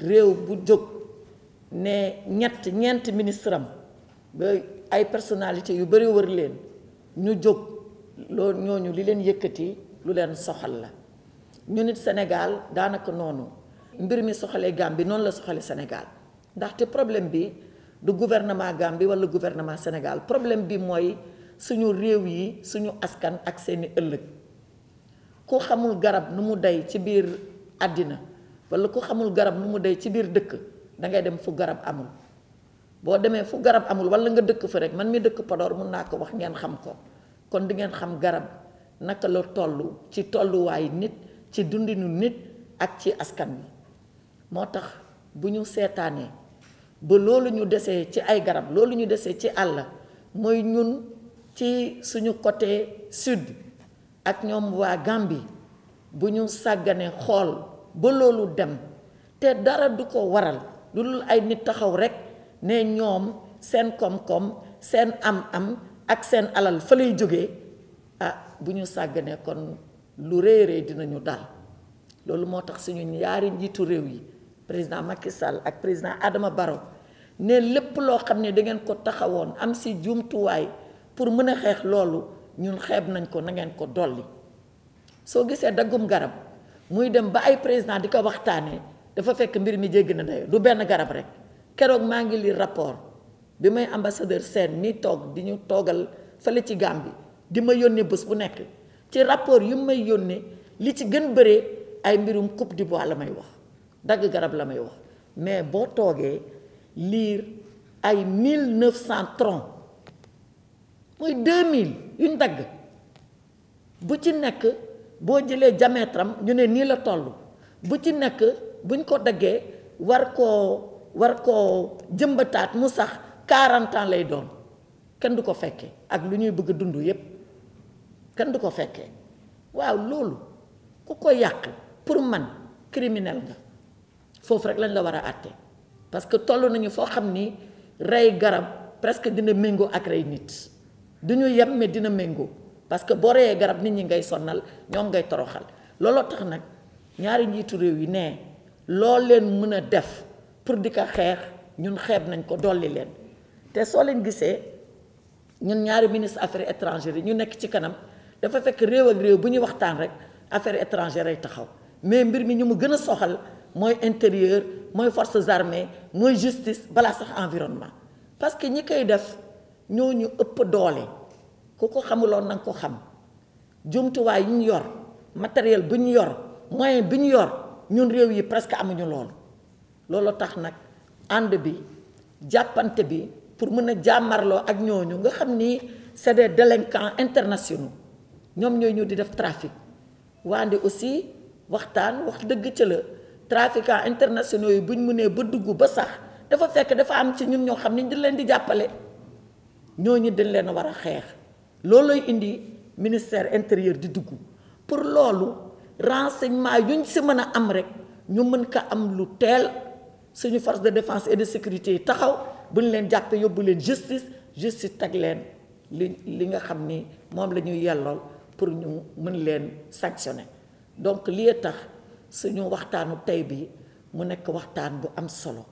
réew bu jóg ne ñett ñeent ministre am ba ay personnalité yu bari wër leen ñu jóg loolu ñooñu li leen yëkkati lu leen soxal la ñu nit senegal daanaka noonu mbir mi soxalee bi noonu la soxalee Sénégal ndaxte problème bi du gouvernement bi wala gouvernement Sénégal problème bi mooy suñu réew yi suñu askan ak seeni ëllëg ku xamul garab nu mu day ci biir àddina wala ku xamul garab nu mu dee ci biir dëkk dangay dem fu garab amul boo demee fu garab amul wala nga dëkk fa rek man mi dëkk Podor mun naa ko wax ngeen xam ko kon di ngeen xam garab naka la tollu ci tolluwaay nit ci dundinu nit ak ci askan wi moo tax bu ñu seetaanee ba loolu ñu desee ci ay garab loolu ñu desee ci àll mooy ñun ci suñu côté sud ak ñoom waa Gambie bu ñu sàgganee xool ba loolu dem te dara du ko waral lu dul ay nit taxaw rek ne ñoom seen koom-koom seen am-am ak seen alal fa lay jógee ah bu ñu sàgganee kon lu rëy rëy dinañu daal loolu moo tax suñu ñaari njiitu réew yi président Macky ak président Adama Barrow ne lépp loo xam ne dangeen ko taxawoon am si jumtuwaay pour mën a xeex loolu ñun xeeb nañ ko nangeen ko dolli soo gisee daggum garab. muy dem ba ay président di ko waxtaanee dafa fekk mbir mi jégg na dayo du benn garab rek keroog maa ngi li rapport bi may ambassadeur seen mi toog di ñu toogal fële ci Gambie di ma yónnee bés bu nekk ci rapport yu may yónnee li ci gën bëree ay mbirum coupe di bois la may wax dagg garab la may wax mais boo toogee liir ay mille neuf cent tronc mooy deux mille yuñ dagg bu ci nekk boo jëlee diamètre ñu ne nii la toll bu ci nekk buñ ko daggee war koo war koo jëmbataat mu sax 40 ans lay doon kenn du ko fekkee ak lu ñuy bëgg dund yépp kenn du ko fekkee waaw loolu ku ko yàq pour man criminel nga foofu rek lañ la war a àtte parce que toll nañu foo xam ni rey garab presque dina méngoo ak rey nit du ñu yem dina méngoo parce que boo reyee garab nit ñi ngay sonnal ñoom ngay toroxal looloo tax nag ñaari njiitu réew yi ne loo leen mën a def pour di ko xeex ñun xeeb nañ ko dolli leen te soo leen gisee ñun ñaari ministre affaires étrangères yi ñu nekk ci kanam dafa fekk réew réew bu ñuy waxtaan rek affaire étrangères ay taxaw mais mbir mi ñu mu gën a soxal mooy intérieur mooy forces armées mooy justice balaa sax environnement parce que ñi koy def ñoo ñu ëpp doole. ku ko xamuloon nang ko xam jumtuwaay yu ñu yor matériel bu ñu yor moyen bi ñu yor ñun réew yi presque amuñu loolu loolu tax nag ànd bi jàppante bi pour mën a jàmmarloo ak ñooñu nga xam ni c'est des délinquants internationaux ñoom ñooy ñu di def trafic wande aussi waxtaan wax dëgg ci la trafiquants internationaux yi buñ mënee ba dugg ba sax dafa fekk dafa am ci ñun ñoo xam ni leen di jàppale ñooñu dañ leen war a xeex loolu loolooy indi ministère intérieur di dugg pour loolu renseignement yuñ si mën a am rek ñu mën ko am lu teel suñu force de defence et de sécurité yi taxaw bu ñu leen jàppee yóbbu leen justice justice teg leen li li nga xam ni moom lañuy ñuy yellool pour ñu mën leen sanctionner donc lii tax suñu waxtaanu tey bi mu nekk waxtaan bu am solo.